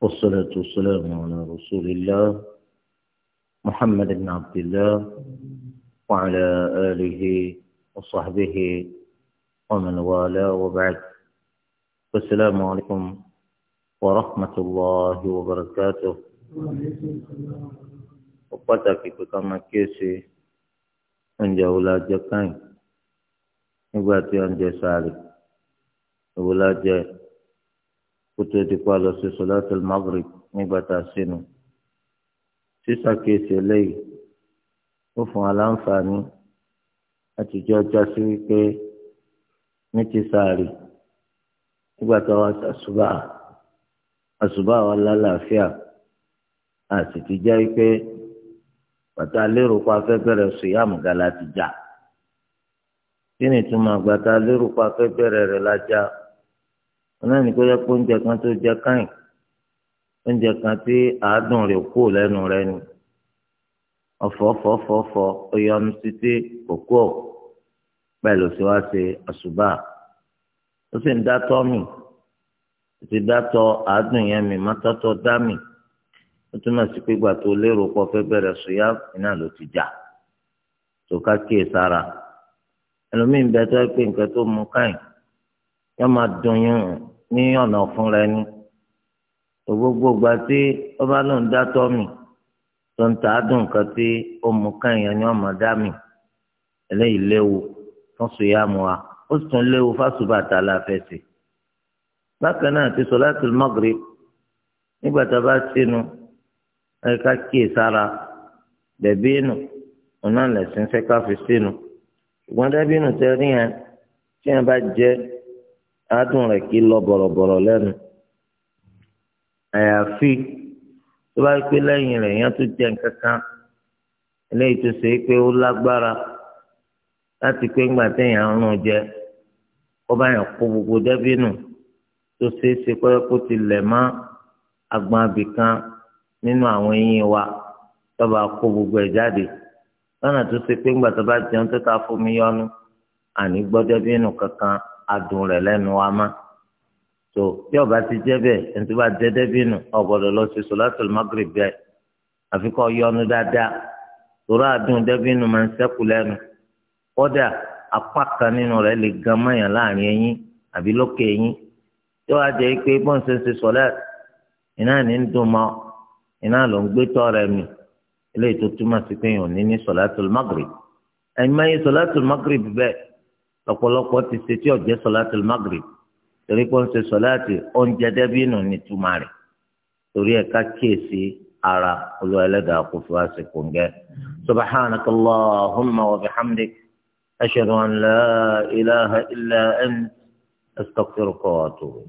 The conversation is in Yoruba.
والصلاة والسلام على رسول الله محمد بن عبد الله وعلى آله وصحبه ومن والاه وبعد السلام عليكم ورحمة الله وبركاته وقتك كما كيسي أن جاولا وبركاته نباتي أن جسالي ولا جاولا kó tó di pa lọ sí sọláàtì magrib nígbà tá a sínú sísàkíyèsí eléyìí ó fún wa láǹfààní àtijọ́ já sí wípé ní ti sáàrì nígbà tá a wá sàṣùbà àṣùbà wa lálàáfíà àti ti já wípé bàtà lérò pa fẹ́ bẹ̀rẹ̀ sùyàmù gàlà ti jà kí ni ìtumọ̀ àgbàtà lérò pa fẹ́ bẹ̀rẹ̀ rẹ̀ lájà náà ní pẹ́ẹ́rẹ́ pé oúnjẹ kan tó jẹ káyìn oúnjẹ kan tí àádùn rẹ̀ kú lẹ́nu rẹ̀ ni ọ̀fọ̀ọ̀fọ̀ọ̀fọ̀ ọyọ́nu títí òkú ọ̀ pẹ̀lú sí wá ṣe àṣùbà ó sì ń dátọ́ mi ó ti dátọ́ àádùn yẹn mi mọ́tọ́tọ́ dá mi ó túmọ̀ sí pé gbà tó lérò pọ̀ fẹ́ bẹ̀rẹ̀ sùyà iná ló ti jà tó ká kíyè sára ẹlòmíín bẹ́ẹ̀ tó pé nǹkan tó mú káyìn yóò máa dùn yín ní ọ̀nà fúnra ẹni gbogbo ìgbà tí ó bá lóun dá tọ́ mi tó ń ta dùn kan tí ó mú káyọ̀ ní ọmọ dá mi eléyìí léwu fún sùyàmù wa ó sì tún léwu fásùbàtà láfẹsẹ bákan náà ti sọlátul Maghrib nígbà tá a bá sínú ẹka kíyè sára bẹ̀bí inú ọ̀nà lẹ̀sìn sẹ́ka fi sínú ṣùgbọ́n dábí inú tẹ rí yẹn tí yẹn bá jẹ́ adùn rẹ̀ kì í lọ bọ̀rọ̀bọ̀rọ̀ lẹ́nu àyàfi tó bá pé lẹ́yìn rẹ̀ yẹn tó jẹ nǹkan kan eléyìí tó ṣe é pé ó lágbára láti pé ńgbà téèyàn ń rún jẹ ó bá yàn kó gbogbo dẹ́bínù tó ṣe é ṣe pé kó ti lẹ̀ mọ́ agbọn abìkan nínú àwọn eyín wa tó bá kó gbogbo ẹ̀ jáde lọ́nà tó ṣe pé ńgbà tó bá jẹun tó ta fún mi yọnu àní gbọ́ dẹ́bínù kankan adùn rẹ̀ lẹ́nu wa má tó bí ọba ti jẹ́ bẹ́ẹ̀ ẹni tó bá jẹ́ dẹ́bìnú ọ̀gbọ́dọ̀ lọ sí sọ̀látùl magrib bẹ́ẹ̀ àfi kọ́ yọnu dáadáa tòrọ adùn dẹ́bìnú máa ń sẹ́kù lẹ́nu kódà apá kan nínú rẹ̀ lè gan mọ́yàn láàrin eyín àbí lókè eyín tó wá jẹ́ pé bọ́ǹsẹ̀nsẹ̀ sọ̀lát iná ní ń dùn mọ́ iná ló ń gbé tọ́ rẹ̀ mi eléyìí tó túmọ̀ sí pé èèyàn ní ní sọ̀látùl magrib ẹ̀yin máa yẹ sọ̀látùl magrib bẹ́ẹ̀ ọ̀pọ̀lọpọ̀ ti ṣe tí ọ̀jẹ́ sọ̀láàtì magrib torí pé ó ń ṣe sọ̀láàtì oúnjẹ dẹ́bìnù ní túmọ̀ rẹ̀ torí ẹ̀ ká kíyèsí ara olúwa ẹlẹ́dàá kò fi wá sí kòǹgẹ́. subhanaka allahumma wa bihamdik ashhadu an la ilaha illa ant astaghfiruka wa atubu.